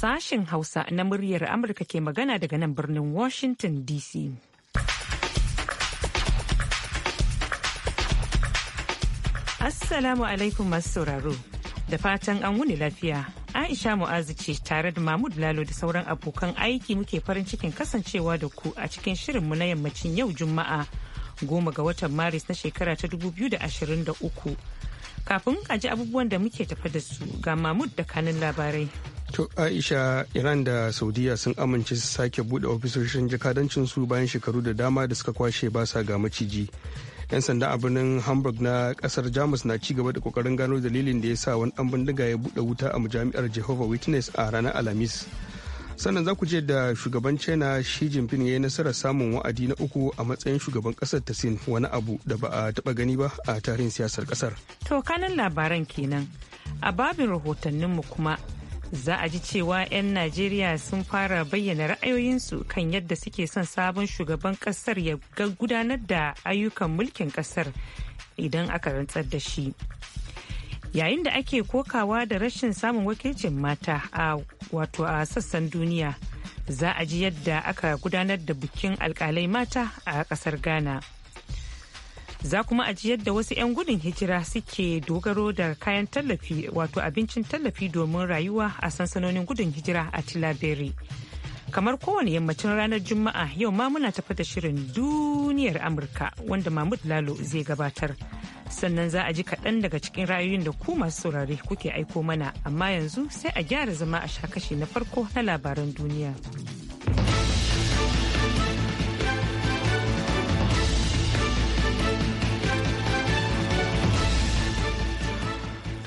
sashen Hausa na muryar Amurka ke magana daga nan birnin Washington DC. Assalamu alaikum masu sauraro. Da fatan an wuni lafiya. Aisha Mu'azu ce tare da Mahmud Lalo da sauran abokan aiki muke farin cikin kasancewa da ku a cikin shirinmu na yammacin yau Juma'a goma ga watan Maris na shekara ta 2023. kafin a ji abubuwan da muke tafa da su ga Mahmud da kanin labarai. To Aisha Iran da Saudiya sun amince su sake bude ofisoshin jakadancin su bayan shekaru da dama da suka kwashe ba sa ga maciji. 'Yan sanda a birnin Hamburg na kasar Jamus na ci gaba da kokarin gano dalilin da ya sa wani dan bindiga ya bude wuta a majami'ar Jehovah Witness a ranar Alhamis. Sannan za ku je da shugaban China Xi Jinping ya yi nasarar samun wa'adi na uku a matsayin shugaban kasar ta Sin wani abu da ba a taɓa gani ba a tarihin siyasar kasar. To kanan labaran kenan. A babin rahotanninmu kuma za a ji cewa 'yan Najeriya sun fara bayyana ra'ayoyinsu kan yadda suke son sabon shugaban kasar ya gudanar da ayyukan mulkin kasar idan aka rantsar da shi. Yayin da ake kokawa da rashin samun wakilcin mata a wato a sassan duniya, za a ji yadda aka gudanar da bikin alkalai mata a kasar Ghana. za kuma a ji yadda wasu 'yan gudun hijira suke dogaro da kayan tallafi wato abincin tallafi domin rayuwa a sansanonin gudun hijira a tilaberi kamar kowane yammacin ranar juma'a yau ma muna tafa da shirin duniyar amurka wanda mahmud lalo zai gabatar sannan za a ji kaɗan daga cikin ra'ayoyin da ku masu saurare kuke aiko mana amma yanzu sai a gyara zama a shakashi na farko na labaran duniya.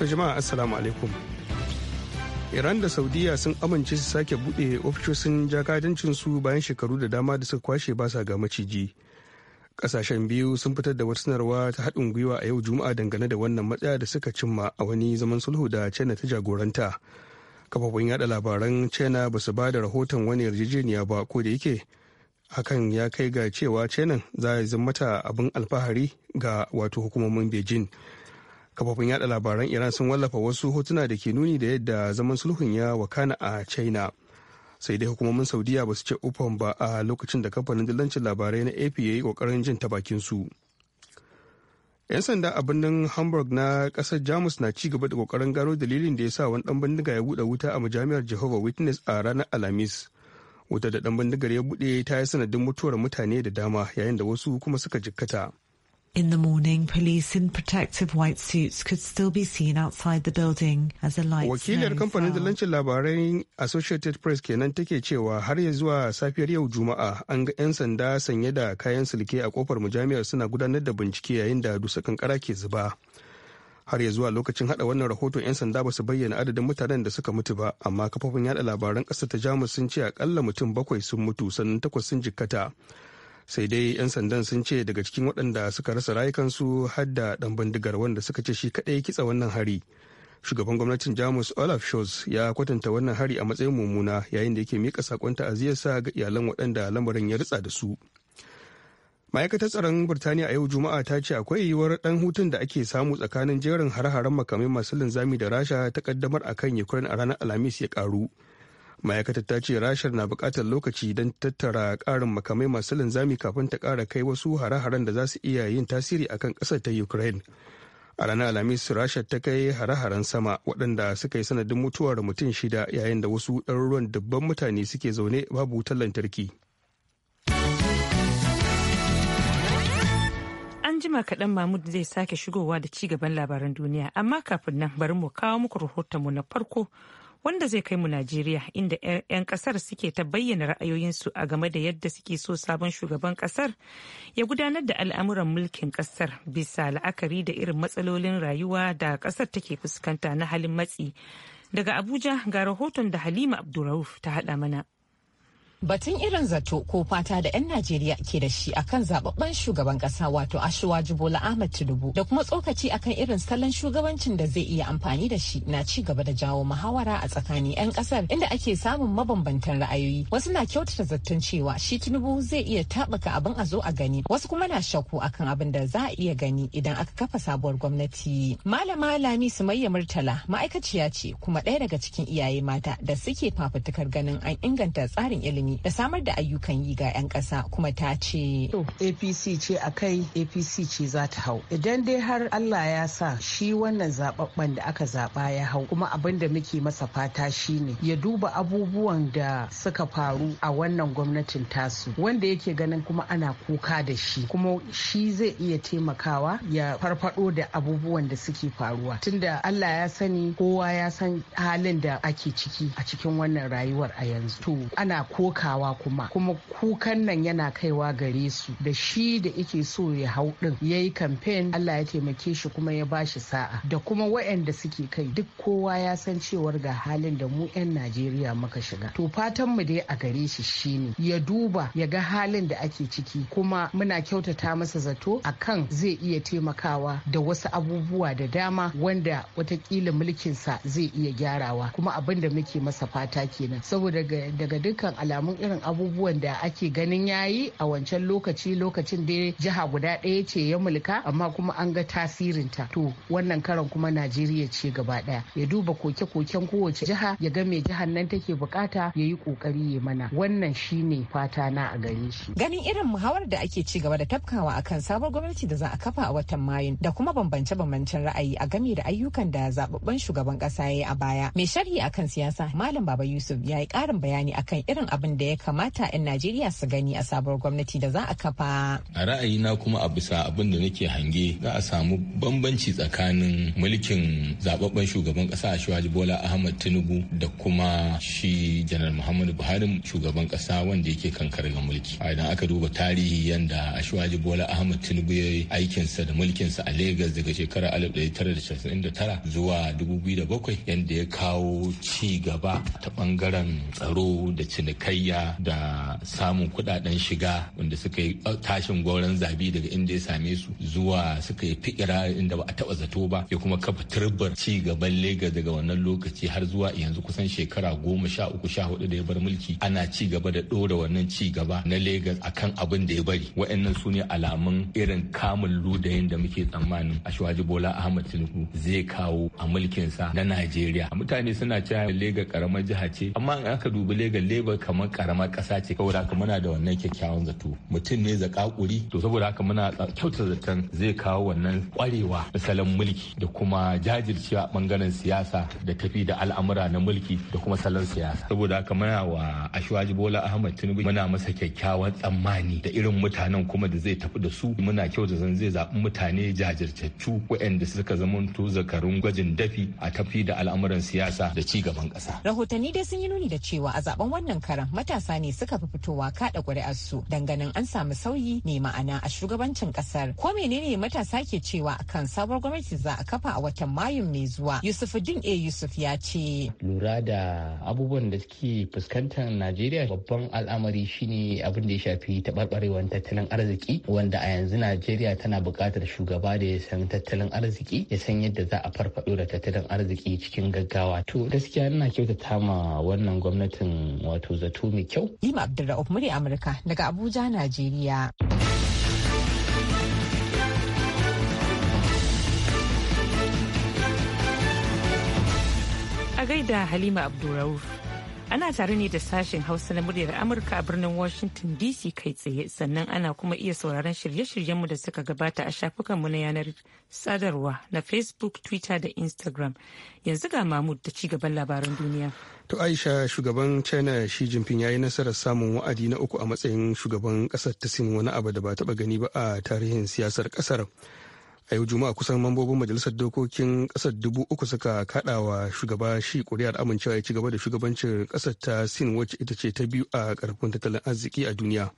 haka jama'a assalamu alaikum iran da saudiya sun amince su sake bude ofishoshin jakadancin su bayan shekaru da dama da suka kwashe ba sa ga maciji kasashen biyu sun fitar da wata sanarwa ta haɗin gwiwa a yau juma'a dangane da wannan matsaya da suka cimma a wani zaman sulhu da china ta jagoranta kafafun yada labaran china ba su ba da rahoton wani yarjejeniya ba ko da yake hakan ya kai ga cewa china za zama mata abin alfahari ga wato hukumomin beijing kafofin yada labaran iran sun wallafa wasu hotuna da ke nuni da yadda zaman sulhun ya wakana a china sai dai hukumomin saudiya ba su ce ufan ba a lokacin da kamfanin dillancin labarai na ap ya yi kokarin jin ta bakin su yan sanda a birnin hamburg na kasar jamus na ci gaba da kokarin gano dalilin da ya sa wani dan bindiga ya bude wuta a majami'ar Jehova witness a ranar alhamis wuta da dan bindigar ya bude ta yi sanadin mutuwar mutane da dama yayin da wasu kuma suka jikkata In the morning, police in protective white suits could still be seen outside the building as the lights Wakilar kamfanin dalancin labarai Associated Press kenan take cewa har ya zuwa safiyar yau Juma'a an ga 'yan sanda sanye da kayan silke a kofar mujami'ar suna gudanar da bincike yayin da dusa kankara ke zuba. Har ya zuwa lokacin hada wannan rahoto 'yan sanda ba su bayyana adadin mutanen da suka mutu ba, amma kafofin yada labaran ƙasa ta Jamus sun ce akalla mutum bakwai sun mutu sannan takwas sun jikkata. sai dai 'yan sandan sun ce daga cikin waɗanda suka rasa rayukansu har da ɗan bindigar wanda suka ce shi kaɗai kitsa wannan hari shugaban gwamnatin jamus olaf scholz ya kwatanta wannan hari a matsayin mummuna yayin da yake mika sakon ta'aziyarsa ga iyalan waɗanda lamarin ya ritsa da su ma'aikatar tsaron birtaniya a yau juma'a ta ce akwai yiwuwar ɗan hutun da ake samu tsakanin jerin hare-haren makamai masu linzami da rasha ta ƙaddamar akan ukraine a ranar alhamis ya karu ma'aikatar ta ce rashar na bukatar lokaci don tattara ƙarin makamai masu linzami kafin ta kara kai wasu hare-haren da za su iya yin tasiri akan ƙasar ta ukraine a ranar alhamis rashar ta kai hare-haren sama waɗanda suka yi sanadin mutuwar mutum shida yayin da wasu ɗaruruwan dubban mutane suke zaune babu wutar lantarki anjima jima kaɗan mahmud zai sake shigowa da ci gaban labaran duniya amma kafin nan bari mu kawo muku rahotonmu na farko wanda zai kai mu Najeriya inda 'yan kasar suke ta bayyana ra'ayoyinsu a game da yadda suke so sabon shugaban kasar ya gudanar da al'amuran mulkin kasar bisa la'akari da irin matsalolin rayuwa da kasar take fuskanta na halin matsi. Daga Abuja ga rahoton da Halima Abdurrauf ta haɗa mana. batun irin zato ko fata da 'yan najeriya ke da shi akan zababben shugaban kasa wato ashuwa jibola ahmad tinubu da kuma tsokaci akan irin salon shugabancin da zai iya amfani da shi na ci gaba da jawo muhawara a tsakanin 'yan kasar inda ake samun mabambantan ra'ayoyi wasu na kyautata zaton cewa shi tinubu zai iya taɓuka abin a zo a gani wasu kuma na shakku akan abin da za a iya gani idan aka kafa sabuwar gwamnati malama lami sumayya murtala ma'aikaciya ce kuma ɗaya daga cikin iyaye mata da suke fafutukar ganin an inganta tsarin ilimi ilimi da samar da ayyukan yi ga 'yan ƙasa kuma ta ce. APC ce a kai APC ce za ta hau. Idan dai har Allah ya sa shi wannan zaɓaɓɓen da aka zaba ya hau kuma abin da muke masa fata shine ya duba abubuwan da suka faru a wannan gwamnatin tasu wanda yake ganin kuma ana kuka da shi kuma shi zai iya taimakawa ya farfado da abubuwan da suke faruwa tunda Allah ya sani kowa ya san halin da ake ciki a cikin wannan rayuwar a yanzu to ana koka kukawa kuma kuma kukan nan yana kaiwa gare su da shi da ike so ya hau din yi kamfen Allah ya taimake shi kuma ya bashi sa'a da kuma waɗanda suke kai duk kowa ya san cewar ga halin da mu 'yan Najeriya muka shiga to fatan mu dai a gare shi shine ya duba ya ga halin da ake ciki kuma muna kyautata masa zato akan zai iya taimakawa da wasu abubuwa da dama wanda watakila mulkinsa zai iya gyarawa kuma abin da muke masa fata kenan saboda daga dukkan alamun domin irin abubuwan da ake ganin yayi a wancan lokaci lokacin da jiha guda ɗaya ce ya mulka amma kuma an ga tasirin ta to wannan karan kuma najeriya ce gaba ɗaya ya duba koke-koken kowace jiha ya ga mai jihar nan take bukata ya yi kokari ya mana wannan shine fata na a gare shi ganin irin muhawar da ake ci gaba da tafkawa akan sabon gwamnati da za a kafa a watan mayun da kuma bambance-bambancen ra'ayi a game da ayyukan da zababban shugaban kasa ya yi a baya mai sharhi akan siyasa malam baba yusuf ya yi karin bayani akan irin abin da ya kamata 'yan Najeriya su gani a sabuwar gwamnati da za a kafa. A ra'ayina kuma a bisa abin da nake hange za a samu bambanci tsakanin mulkin zababben shugaban kasa Shuhaji Bola Ahmad Tinubu da kuma shi Janar Muhammadu Buhari shugaban kasa wanda yake kankar ga mulki. Idan aka duba tarihi yanda Shuhaji Bola Ahmad Tinubu ya yi aikinsa da mulkinsa a Legas daga shekarar 1999 zuwa 2007 yanda ya kawo ci gaba ta bangaren tsaro da cinikayya gaskiya da samun kudaden shiga wanda suka yi uh, tashin gwauron zabi daga inda ya same su zuwa suka yi fikira inda ba a taba zato ba ya kuma kafa turbar ci gaban Legas daga wannan lokaci har zuwa yanzu kusan shekara goma sha uku sha hudu da ya bar mulki ana ci gaba da ɗora wannan ci gaba na Legas akan abin da ya bari wa'annan su ne alamun irin kamun ludayin da muke tsammanin Ashwaji Bola Ahmad Tinubu zai kawo a mulkinsa na Najeriya mutane suna cewa Legas karamar jiha ce amma in aka dubi Legas Legas kamar karamar ƙasa ce kawai haka muna da wannan kyakkyawan zato mutum ne zakakuri to saboda haka muna kyauta zaton zai kawo wannan kwarewa misalin salon mulki da kuma jajircewa bangaren siyasa da tafi da al'amura na mulki da kuma salon siyasa saboda haka muna wa Ashwaji Bola Ahmad Tinubu muna masa kyakkyawan tsammani da irin mutanen kuma da zai tafi da su muna kyauta zan zai zaɓi mutane jajirtattu waɗanda suka zamanto zakarun gwajin dafi a tafi da al'amuran siyasa da ci gaban ƙasa rahotanni dai sun yi nuni da cewa a zaben wannan karan matasa ne suka fi fitowa kada ƙuri'arsu danganin an samu sauyi ne ma'ana a shugabancin kasar Ko menene matasa ke cewa akan sabuwar gwamnati za a kafa a watan Mayun mai zuwa? Yusuf din A. Yusuf ya ce. Lura da abubuwan da suke fuskantar Najeriya babban al'amari shine abin da ya shafi taɓarɓarewar tattalin arziki wanda a yanzu Najeriya tana buƙatar shugaba da ya san tattalin arziki ya san yadda za a farfaɗo da tattalin arziki cikin gaggawa. To gaskiya ina kyautata ma wannan gwamnatin wato zato salo mai kyau. Lima murya Amurka daga Abuja, Najeriya. A gaida Halima Abdulrauf. Ana tare ne da sashen Hausa na muryar Amurka a birnin Washington DC kai tsaye sannan ana kuma iya sauraron shirye-shiryenmu da suka gabata a shafukanmu na yanar sadarwa na Facebook, Twitter da Instagram. Yanzu ga Mahmud da ci gaban labaran duniya. To Aisha shugaban China shi Jinping ya yi nasarar samun wa'adi na uku a matsayin shugaban kasar ta Sin wani abu da ba taba gani ba a tarihin siyasar kasar. a yau juma'a kusan mambobin majalisar dokokin kasar dubu uku suka kaɗawa shugaba shi ƙuri'ar amincewa ya ci gaba da shugabancin kasar ta sin wacce ita ce ta biyu a karfin tattalin arziki a duniya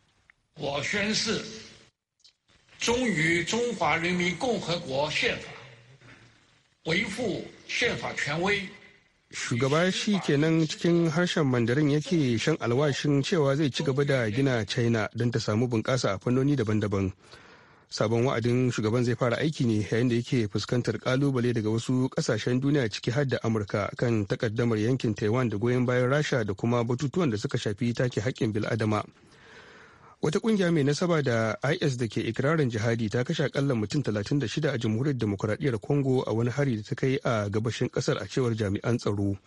shugaba shi kenan cikin harshen mandarin yake shan alwashin cewa zai ci gaba da gina china don ta samu bunƙasa a fannoni daban-daban sabon wa'adin shugaban zai fara aiki ne yayin da yake fuskantar kalubale daga wasu kasashen duniya ciki har da amurka kan takaddamar yankin taiwan da goyon bayan rasha da kuma batutuwan da suka shafi take haƙƙin bil'adama wata kungiya mai nasaba da is da ke ikirarin jihadi ta kashe akalla mutum 36 a jamhuriyar demokuraɗiyyar congo a wani hari da ta kai a gabashin ƙasar a cewar jami'an tsaro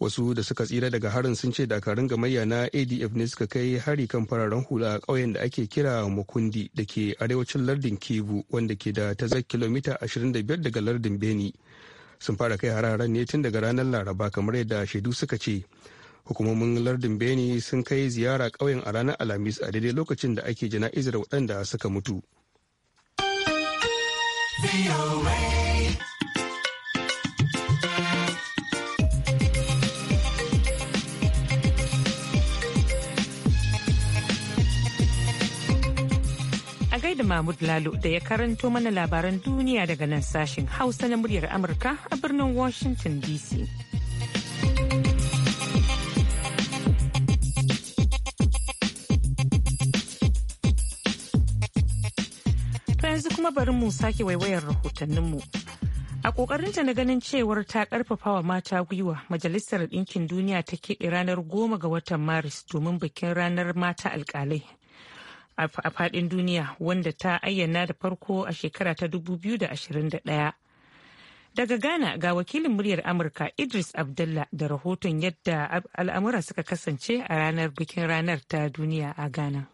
wasu da suka tsira daga harin sun ce dakarun gamayya na adf ne suka kai hari kan fararen hula a ƙauyen da ake kira mukundi da ke arewacin lardin kivu wanda ke da tazar kilomita 25 daga lardin beni sun fara kai hararen ne tun daga ranar laraba kamar yadda shaidu suka ce hukumomin lardin beni sun kai ziyara ƙauyen a ranar alhamis a daidai lokacin da ake jana'izar waɗanda suka mutu. da Mahmud Lalo da ya karanto mana labaran duniya daga nan sashen Hausa na muryar Amurka a birnin Washington DC. ta yanzu kuma bari mu sake waiwayar rahotanninmu. A ƙoƙarinta na ganin cewar ta karfafa wa mata gwiwa, Majalisar Ɗinkin Duniya ta keɓe ranar goma ga watan Maris domin bikin ranar mata alƙalai a faɗin duniya wanda ta ayyana da farko a shekara ta 2021. Daga Ghana ga wakilin muryar Amurka Idris Abdullah da rahoton yadda al'amura suka kasance a ranar bikin ranar ta duniya a Ghana.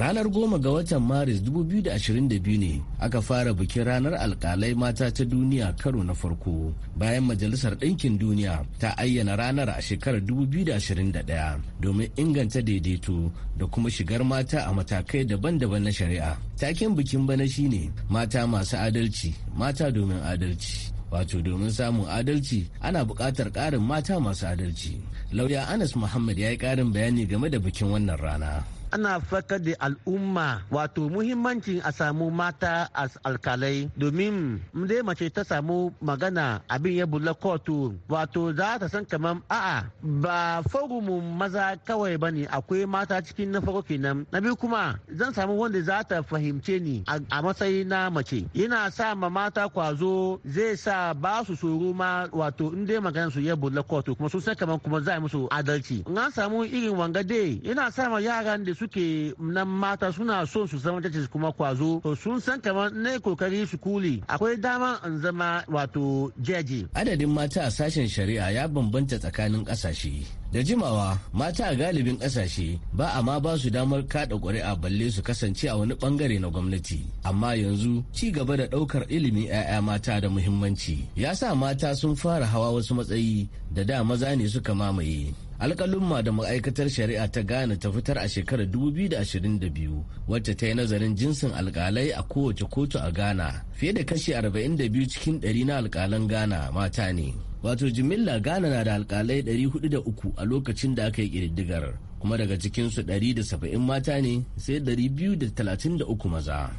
ranar goma ga watan maris 2022 ne aka fara bikin ranar alkalai mata ta duniya karo na farko bayan majalisar ɗinkin duniya ta ayyana ranar a shekarar 2021 domin inganta daidaito da kuma shigar mata a matakai daban-daban na shari'a Takin bikin bana shine mata masu adalci mata domin adalci wato domin samun adalci ana buƙatar ƙarin mata masu adalci lauya anas muhammad ya yi ƙarin bayani game da bikin wannan rana ana fakar da al'umma wato muhimmancin a samu mata a alkalai domin dai mace ta samu magana abin ya bulla kotu wato za ta san kamar a'a ba forumin maza kawai ba ne akwai mata cikin na farko kenan na biyu kuma zan samu wanda za ta fahimce ni a matsayi na mace yana sa ma mata kwazo zai sa ba su tsoro ma wato in dai magana su ya bulla kotu kuma sun san kamar kuma za a musu adalci in an samu irin wanga dai yana sa ma yaran da su suke nan mata suna son su zama tace kuma kwazo to sun san kamar ne kokari su kuli akwai dama in zama wato jeje adadin mata a sashen shari'a ya bambanta tsakanin kasashe da jimawa mata a galibin kasashe ba a ma ba su damar kada ƙuri'a balle su kasance a wani bangare na gwamnati amma yanzu ci gaba da ɗaukar ilimin 'ya'ya mata da muhimmanci ya sa mata sun fara hawa wasu matsayi da da maza ne suka mamaye alkalumma da ma'aikatar shari'a ta ghana ta fitar a shekarar 2022 wacce ta yi nazarin jinsin alkalai a kowace kotu a ghana fiye da kashi 42 cikin 100 na alkalan ghana mata ne wato jimilla ghana na da alkalai 403 a lokacin da aka yi kididdigar kuma daga cikinsu 170 mata ne sai 233 maza.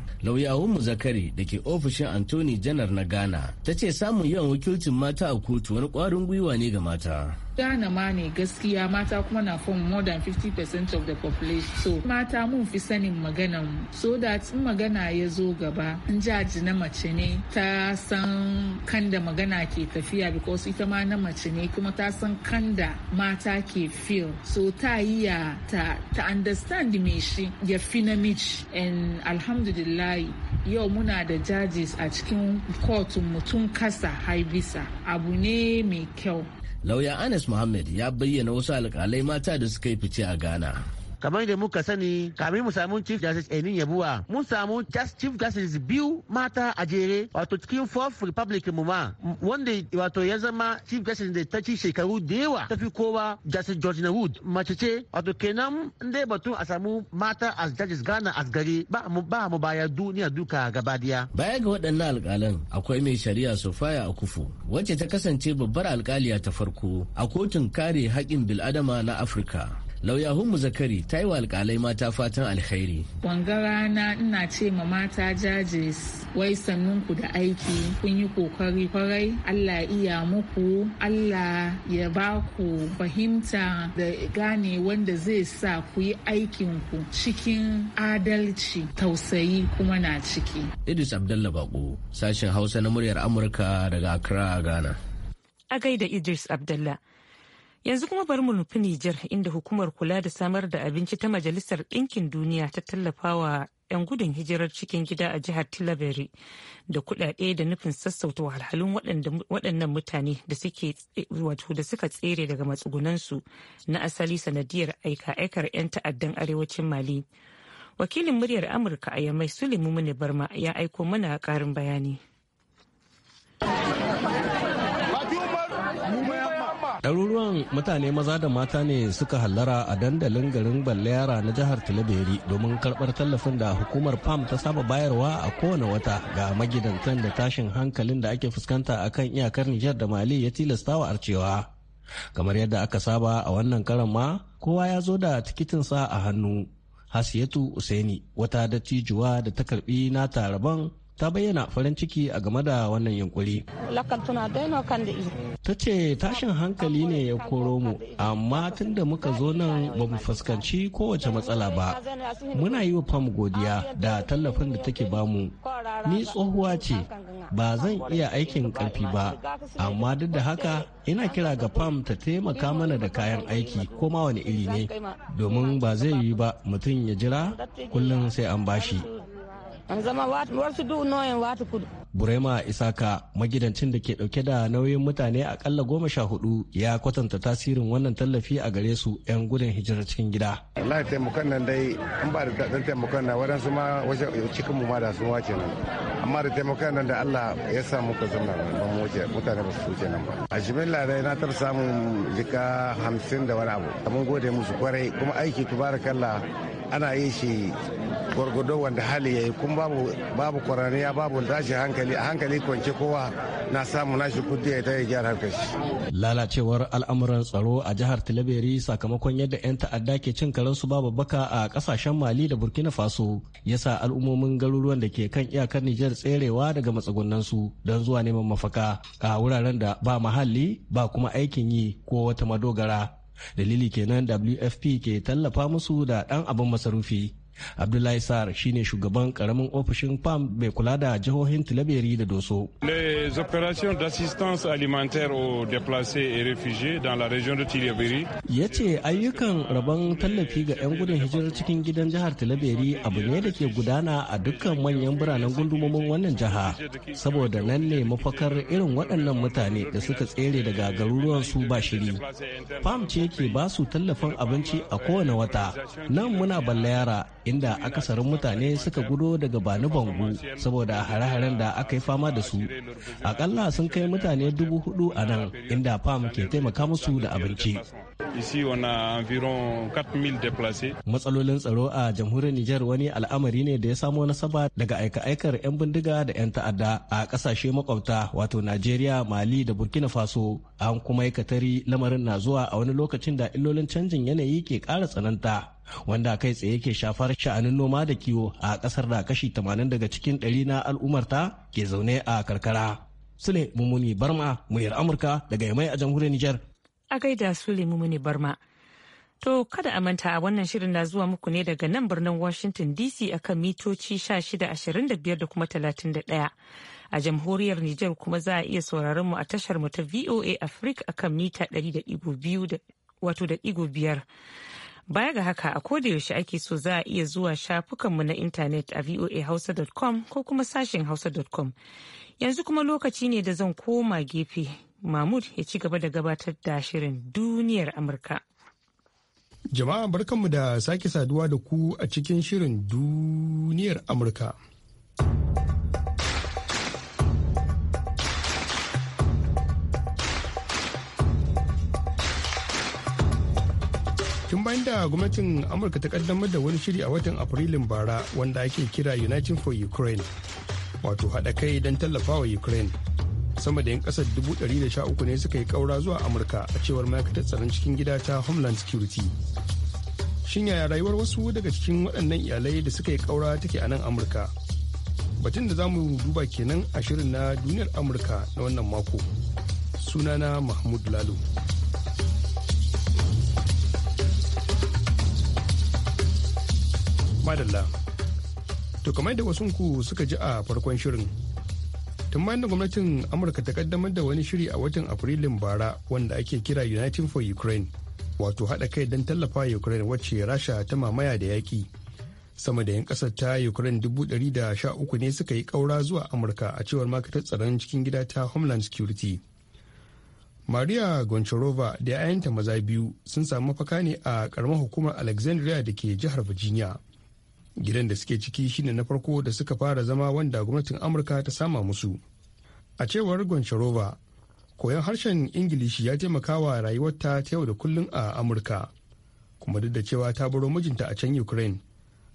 mu Zakari da ke ofishin Anthony Janar na Ghana ta ce samun yawan wakilcin mata a kotu wani kwarin gwiwa ne ga mata. Ghana ma ne gaskiya mata kuma na form more than 50% of the population. So mata mun fi sanin maganan so that in magana ya zo gaba in jaji na mace ne ta san kan da magana ke tafiya because ita ma na mace ne kuma ta san kan da mata ke feel. So ta yi ya ta, ta understand me shi ya fi namiji and alhamdulillahi yau muna da judges a cikin kotun mutum kasa haibisa abu ne mai kyau lauya anas muhammad ya bayyana wasu alƙalai mata da suka yi fice a ghana kamar da muka sani kamin mu samu chief justice enin yabuwa mun samu chief justice biyu mata a jere wato cikin fourth republic mu ma wanda wato ya zama chief justice da ta ci shekaru da yawa ta fi kowa justice george na wood mace ce wato kenan dai batun a samu mata as judges ghana as gari ba mu ba mu baya duniya duka gaba daya baya ga waɗannan alƙalan akwai mai shari'a sofaya kufu wacce ta kasance babbar alƙaliya ta farko a kotun kare haƙƙin bil'adama na afirka mu Zakari ta yi wa alƙalai mata fatan alkhairi. Wanga rana ina ce ma mata jajis wai sannunku da aiki kun yi kokari kwarai Allah iya muku Allah ya ba ku fahimta da gane wanda zai sa ku yi ku cikin adalci tausayi kuma na ciki. Idris Abdallah Bako sashen Hausa na muryar Amurka daga Accra, Ghana. A gaida Idris Abdallah. Yanzu kuma bari mu nufi Nijar inda hukumar kula da samar da abinci ta Majalisar Ɗinkin Duniya ta tallafawa 'yan gudun hijirar cikin gida a jihar Tilaberi da kuɗaɗe da nufin sassauta wahalhalun waɗannan mutane da suka tsere daga matsugunansu na asali sanadiyar aika-aikar 'yan ta'addan arewacin Mali. Wakilin muryar Amurka a Yamai Sulemu Mune Barma ya aiko mana ƙarin bayani. Ɗaruruwan mutane maza da mata ne suka hallara a dandalin garin yara na jihar Tilaberi domin karɓar tallafin da hukumar PAM ta saba bayarwa a kowane wata ga magidantan da tashin hankalin da ake fuskanta a kan iyakar Nijar da Mali ya tilasta wa arcewa. Kamar yadda aka saba a wannan karan ma, kowa ya zo da tikitinsa a hannu. Hasiyatu useni wata dattijuwa da ta karbi nata rabon ta bayyana farin ciki a game da wannan yunkuri. Ta ce tashin hankali ne ya koro mu, amma tun da muka zo nan ba mu fuskanci kowace matsala ba. Muna yi wa fam godiya da tallafin da take bamu. Ni tsohuwa ce, ba zan iya aikin karfi ba, amma duk da haka ina kira ga fam ta taimaka mana da kayan aiki ko ma wani iri ne, domin ba zai yi ba mutum ya jira kullum sai an bashi. an zama wasu du noyin wata kudu Burema Isaka magidancin da ke dauke da nauyin mutane akalla goma sha hudu ya kwatanta tasirin wannan tallafi a gare su 'yan gudun hijirar cikin gida. Allah taimakon nan dai an ba da dan taimakon nan wadansu ma wajen cikin mu ma da sun wace nan. Amma da taimakon nan da Allah ya samu ka zama nan mu wace mutane ba su wuce nan ba. A jimin dai na tar samun jika hamsin da wani abu. Mun gode musu kwarai kuma aiki tubarakalla ana yin shi gwargwado wanda hali ya yi kuma babu babu kwaraniya babu tashin hankali hankali a hankali kwanci kowa na samu nashi kudi ya ta gyara harkar Lalacewar al'amuran tsaro a jihar Tilaberi sakamakon yadda 'yan ta'adda ke cin karansu babu baka a kasashen Mali da Burkina Faso ya sa al'ummomin garuruwan da ke kan iyakar Nijar tserewa daga su don zuwa neman mafaka a wuraren da ba mahalli ba kuma aikin yi ko wata madogara. Dalili kenan WFP ke tallafa musu da ɗan abin masarufi. abdullahi sa'ar shine shugaban karamin ofishin fam mai kula da jihohin tilaberi da doso les opérations d'assistance alimentaire aux déplacés et réfugiés dans la région de tilaberi ya ce ayyukan rabon tallafi ga 'yan gudun hijirar cikin gidan jihar tilaberi abu ne da ke gudana a dukkan manyan biranen gundumomin wannan jiha saboda nan ne mafakar irin waɗannan mutane da suka tsere daga garuruwan su ba shiri fam ce ke ba su tallafin abinci a kowane wata nan muna balla yara inda akasarin mutane suka gudo daga bani bangu saboda hare-haren da aka yi fama da su akalla sun kai mutane dubu hudu a nan inda fam ke taimaka musu da abinci matsalolin tsaro a jamhuriyar niger wani al'amari ne da ya samo nasaba daga aika-aikar 'yan bindiga da 'yan ta'adda a kasashe makwabta wato nigeria mali da burkina faso an kuma yi katari lamarin na zuwa a wani lokacin da illolin canjin yanayi ke ƙara tsananta wanda kai tsaye ke shafar sha'anin noma da kiwo a kasar da kashi 80 daga cikin ɗari na al'ummarta ke zaune a karkara. Sule Mumuni Barma, muryar Amurka daga Yamai a jamhuriyar Nijar. A gaida Sule Mumuni Barma. To kada a manta a wannan shirin na zuwa muku ne daga nan birnin Washington DC a kan mitoci 1625 da kuma 31. A jamhuriyar Nijar kuma za a iya sauraron mu a tashar mu ta VOA Africa akan mita 200 wato da igo biyar. Baya ga haka a koda yaushe ake so za a iya zuwa shafukanmu na intanet a voahausa.com ko kuma sashen hausa.com. Yanzu kuma lokaci ne da zan koma gefe. Mahmud ya ci gaba da gabatar da shirin duniyar Amurka. Jama'a barkanmu da sake saduwa da ku a cikin shirin duniyar Amurka. bayan da gwamnatin amurka ta kaddamar da wani shiri a watan afrilun bara wanda ake kira united for ukraine wato haɗa kai don tallafa wa ukraine sama da 'yan ƙasar 113 ne suka yi ƙaura zuwa amurka a cewar ma'aikatar tsaron cikin gida ta homeland security shin yaya rayuwar wasu daga cikin waɗannan iyalai da suka yi ƙaura take a nan amurka batun da za mu duba kenan a shirin na duniyar amurka na wannan mako sunana mahmud lalo madalla. To kamar da wasu ku suka ji a farkon shirin. Tun bayan da gwamnatin Amurka ta kaddamar da wani shiri a watan Afrilun bara wanda ake kira united for Ukraine, wato haɗa kai don tallafa Ukraine wacce Rasha ta mamaya da yaƙi. Sama da 'yan ƙasar ta Ukraine dubu ɗari da sha uku ne suka yi ƙaura zuwa Amurka a cewar makatar tsaron cikin gida ta Homeland Security. Maria Goncharova da 'ya'yanta maza biyu sun samu mafaka ne a ƙaramar hukumar Alexandria da ke jihar Virginia. gidan da suke ciki shine na farko da suka fara zama wanda gwamnatin amurka ta sama musu a cewar goncharova koyon harshen ingilishi ya taimaka wa rayuwarta ta yau da kullum a amurka kuma duk da cewa ta baro mijinta a can ukraine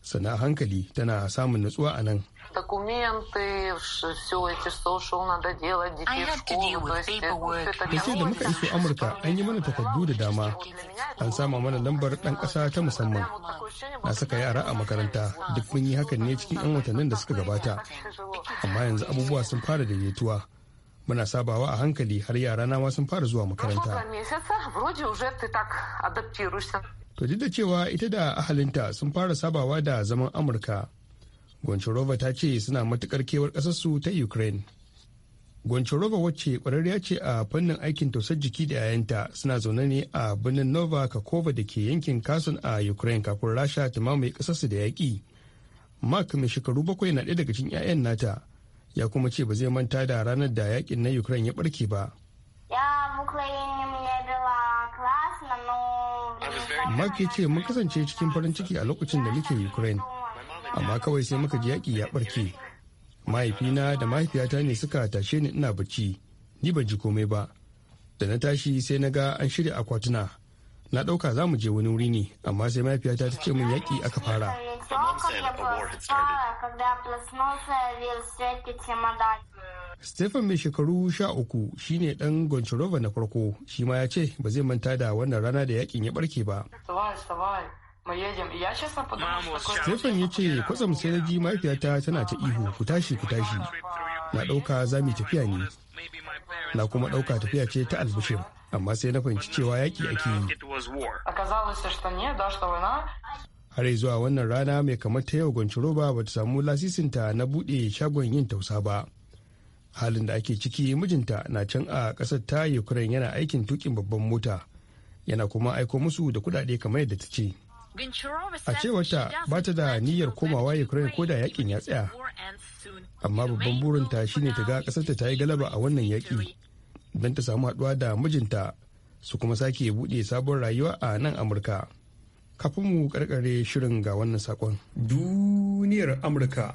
sana hankali tana samun nutsuwa a nan документы, все эти social надо делать, детей в школу. Da da muka iso Amurka an yi mana takardu da dama, an sama mana lambar ɗan ƙasa ta musamman. Na saka yara a makaranta duk mun yi hakan ne cikin 'yan watannin da suka gabata. Amma yanzu abubuwa sun fara daidaituwa. muna sabawa a hankali har yara na ma sun fara zuwa makaranta. To duk da cewa ita da ahalinta sun fara sabawa da zaman Amurka Goncharova ta ce suna matukar kewar ƙasarsu ta Ukraine. Goncharova wacce ƙwararriya ce a fannin aikin tausar jiki da yayanta suna zaune ne a birnin Nova Kakova da ke yankin kasan a Ukraine kafin Rasha ta mamaye ƙasarsu da yaƙi. Mark mai shekaru bakwai na ɗaya daga cikin 'ya'yan nata ya kuma ce ba zai manta da ranar da yaƙin na Ukraine ya ɓarke ba. Mark ya ce mun kasance cikin farin ciki a lokacin da muke Ukraine. amma kawai sai muka ji yaƙi ya ɓarke mahaifina da mahaifiyata ne suka tashe ni ina bacci ni ban ji komai ba da na tashi sai na ga an shirya akwatuna na ɗauka za mu je wani wuri ne amma sai mahaifiyata ta ce min yaƙi aka fara Stephen mai shekaru sha uku shine ɗan Goncharova na farko shi ma ya ce ba zai manta da wannan rana da yakin ya ɓarke ba. mu Stefan ya ce kwatsam sai na ji mahaifiyata tana ta ihu ku tashi ku tashi na ɗauka za mu tafiya ne na kuma ɗauka tafiya ce ta albishir amma sai na fahimci cewa yaki ake yi. Har zuwa wannan rana mai kamar ta yau Gonchurova ba ta samu lasisinta na bude shagon yin tausa ba. Halin da ake ciki mijinta na can a ƙasar ta Ukraine yana aikin tukin babban mota yana kuma aiko musu da kudade kamar yadda ta ce. A cewarta ba ta da niyyar komawa Ukraine ko da yakin ya tsaya. Amma babban burinta shine ta ga ƙasar ta yi galaba a wannan yaƙi don ta samu haɗuwa da mijinta su kuma sake buɗe sabon rayuwa a nan Amurka. Kafin mu karkare shirin ga wannan saƙon. Duniyar Amurka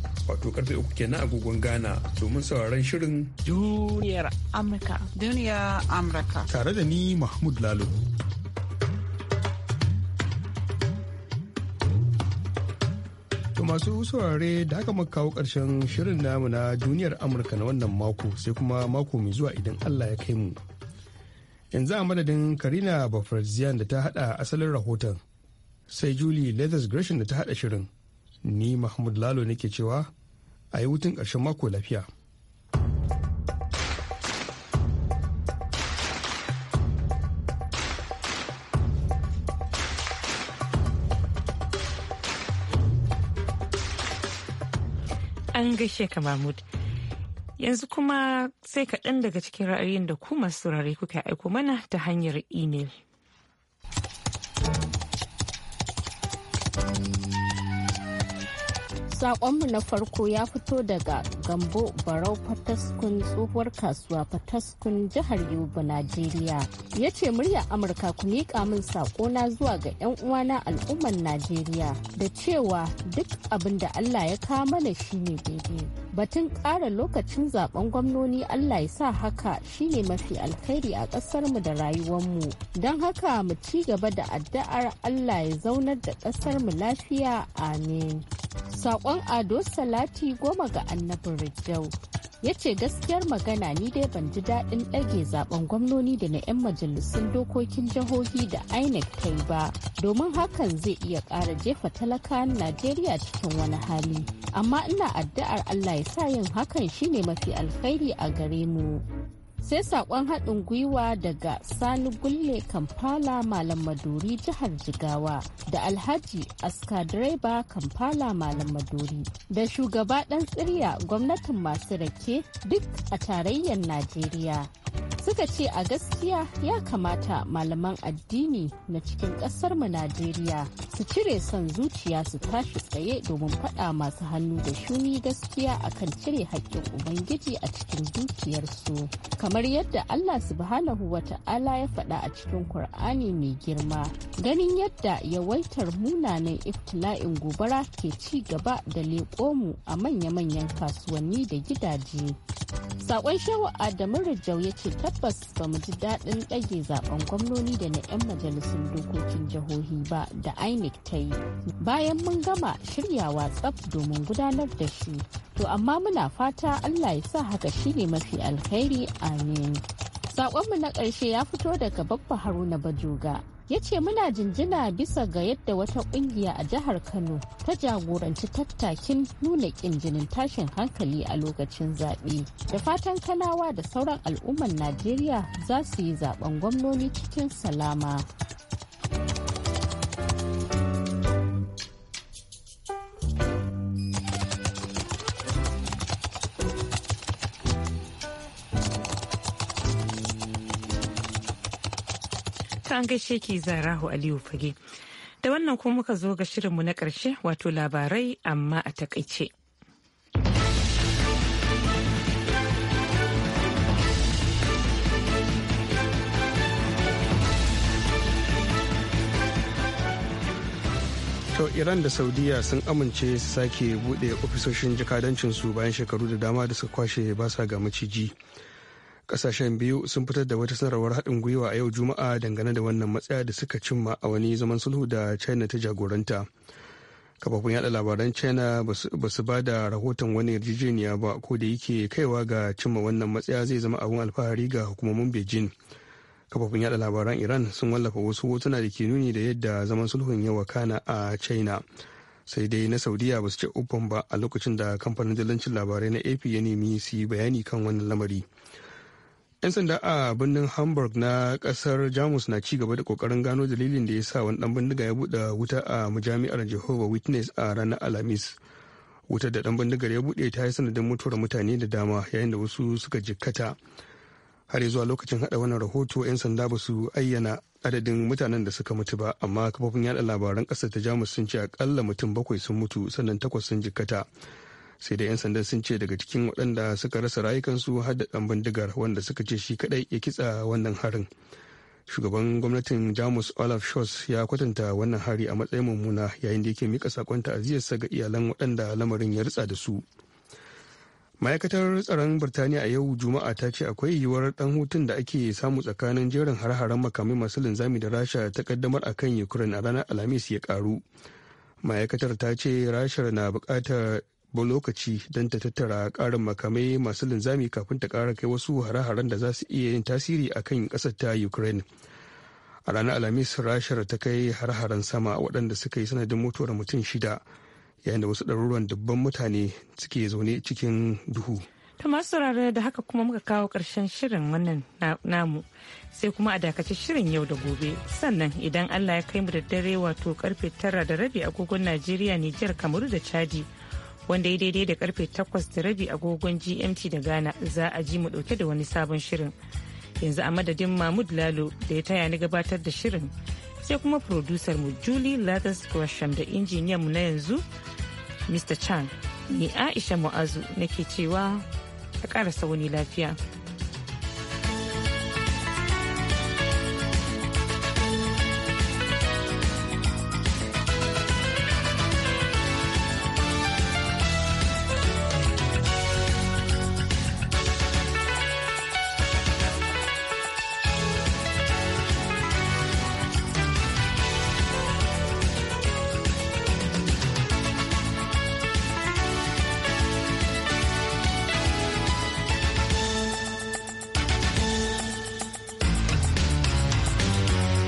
wato karfe uku kenan agogon Ghana domin sauraron shirin duniyar Amurka. duniya Amurka. Tare da ni Mahmud Lalo. To masu saurare da haka muka kawo ƙarshen shirin namu na duniyar Amurka na wannan mako sai kuma mako mai zuwa idan Allah ya kai mu. Yanzu a madadin Karina Bafarziyan da ta hada asalin rahoton sai Julie Leathers Gresham da ta hada shirin. ni mahmud lalo nake cewa a yi hutun ƙarshen mako lafiya an gaishe ka mahmud yanzu kuma sai kaɗan daga cikin ra'ayoyin da ku masu saurare kuka aiko mana ta hanyar imel. Sakonmu na farko ya fito daga Gambo Barau Fataskun tsohuwar kasuwa Fataskun jihar Yobe, Najeriya. Ya ce murya Amurka ku miƙa min sakona zuwa ga 'yan uwana al'ummar Najeriya da cewa duk abin da Allah ya kawo mana shine daidai. Batun ƙara lokacin zaben gwamnoni Allah ya sa haka shine mafi alkhairi a ƙasarmu da rayuwarmu. Don haka mu ci gaba da addu'ar Allah ya zaunar da ƙasarmu lafiya. Amin. Sakon Ado Salati goma ga annabin Rijau ya ce gaskiyar magana ni dai ban ji daɗin ɗage zaben gwamnoni da na 'yan majalisun dokokin jihohi da INEC ta yi ba domin hakan zai iya ƙara jefa talakan Najeriya cikin wani hali. Amma ina addu'ar Allah ya sa yin hakan shine mafi alkhairi a gare mu. sai saƙon haɗin gwiwa daga sani gulle kampala malam maduri jihar jigawa da alhaji aska direba kampala malam maduri da shugaba ɗan tsirya gwamnatin masu rake duk a tarayyar najeriya suka ce a gaskiya ya kamata malaman addini na cikin mu najeriya su cire son zuciya su tashi tsaye domin faɗa masu hannu da shuni gaskiya akan cire haƙƙin ubangiji a cikin zuciyarsu kamar yadda allah subhanahu wa ta'ala ya faɗa a cikin kur'ani mai girma ganin yadda yawaitar munanan iftila'in gobara ke ci gaba da leƙo mu a manya-manyan kasuwanni da gidaje saƙon shehu adamu rajau yace ta. tabbas ba mu ji daɗin ɗage zaɓen gwamnoni da na 'yan majalisun dokokin jihohi ba da inec ta yi bayan mun gama shiryawa tsaf domin gudanar da shi to amma muna fata allah ya sa haka shi ne mafi alkhairi amin Sakonmu na ƙarshe ya fito daga babba Haruna Bajoga. ya ce muna jinjina bisa ga yadda wata kungiya a jihar kano ta jagoranci tattakin nuna kin jinin tashin hankali a lokacin zaɓe da fatan kanawa da sauran al'ummar najeriya za su yi zaben gwamnoni cikin salama To an gaishe ki zarahu Aliyu Fage. Da wannan kuma muka zo ga shirinmu na karshe wato labarai amma a takaice. To Iran da Saudiya sun amince su sake bude ofisoshin jikadancinsu bayan shekaru da dama da suka kwashe ba sa ga maciji. Kasashen biyu sun fitar da wata sanarwar haɗin gwiwa a yau Juma'a dangane da wannan matsaya da suka cimma a wani zaman sulhu da China ta jagoranta. Kafafun yada labaran China ba su ba da rahoton wani yarjejeniya ba ko da yake kaiwa ga cimma wannan matsaya zai zama abin alfahari ga hukumomin Beijing. Kafafun yada labaran Iran sun wallafa wasu hotuna da ke nuni da yadda zaman sulhun ya wakana a China. sai dai na saudiya ba su ce uban ba a lokacin da kamfanin dalancin labarai na ap ya nemi su yi bayani kan wannan lamari 'yan sanda a birnin hamburg na kasar jamus na ci gaba da kokarin gano dalilin da ya sa wani dan bindiga ya bude wuta a majami'ar jehova witness a ranar alhamis wuta da dan bindigar ya bude ta yi sanadin mutuwar mutane da dama yayin da wasu suka jikkata har zuwa lokacin hada wannan rahoto 'yan sanda ba su ayyana adadin mutanen da suka mutu ba amma kafofin yada labaran kasar ta jamus sun ce akalla mutum bakwai sun mutu sannan takwas sun jikkata sai da 'yan sanda sun ce daga cikin waɗanda suka rasa rayukansu har da ɗan bindigar wanda suka ce shi kaɗai ya kitsa wannan harin shugaban gwamnatin jamus olaf scholz ya kwatanta wannan hari a matsayin mummuna yayin da yake mika sakon ta'aziyarsa ga iyalan waɗanda lamarin ya ritsa da su ma'aikatar tsaron birtaniya a yau juma'a ta ce akwai yiwuwar ɗan hutun da ake samu tsakanin jerin har-haren makamai masu linzami da rasha ta kaddamar a kan ukraine a ranar alhamis ya karu ma'aikatar ta ce rashar na bukatar ba lokaci don ta tattara karin makamai masu linzami kafin ta kara kai wasu hare-haren da za su iya yin tasiri a kan ƙasar ta ukraine a ranar alhamis rashar ta kai hare haren sama waɗanda suka yi sanadin mutuwar mutum shida yayin da wasu ɗaruruwan dubban mutane suke zaune cikin duhu ta masu da haka kuma muka kawo ƙarshen shirin wannan namu sai kuma a dakace shirin yau da gobe sannan idan allah ya kai mu da dare wato karfe tara da rabi agogon najeriya nijar kamaru da chadi wanda ya daidai da karfe 8 da rabi agogon gmt da ghana za a ji mu dauke da wani sabon shirin yanzu a madadin mahmud lalo da ya taya ni gabatar da shirin sai kuma producer mu julie lathers gresham da injiniyan mu na yanzu mr chan ni aisha mu'azu nake cewa ta karasa wani lafiya.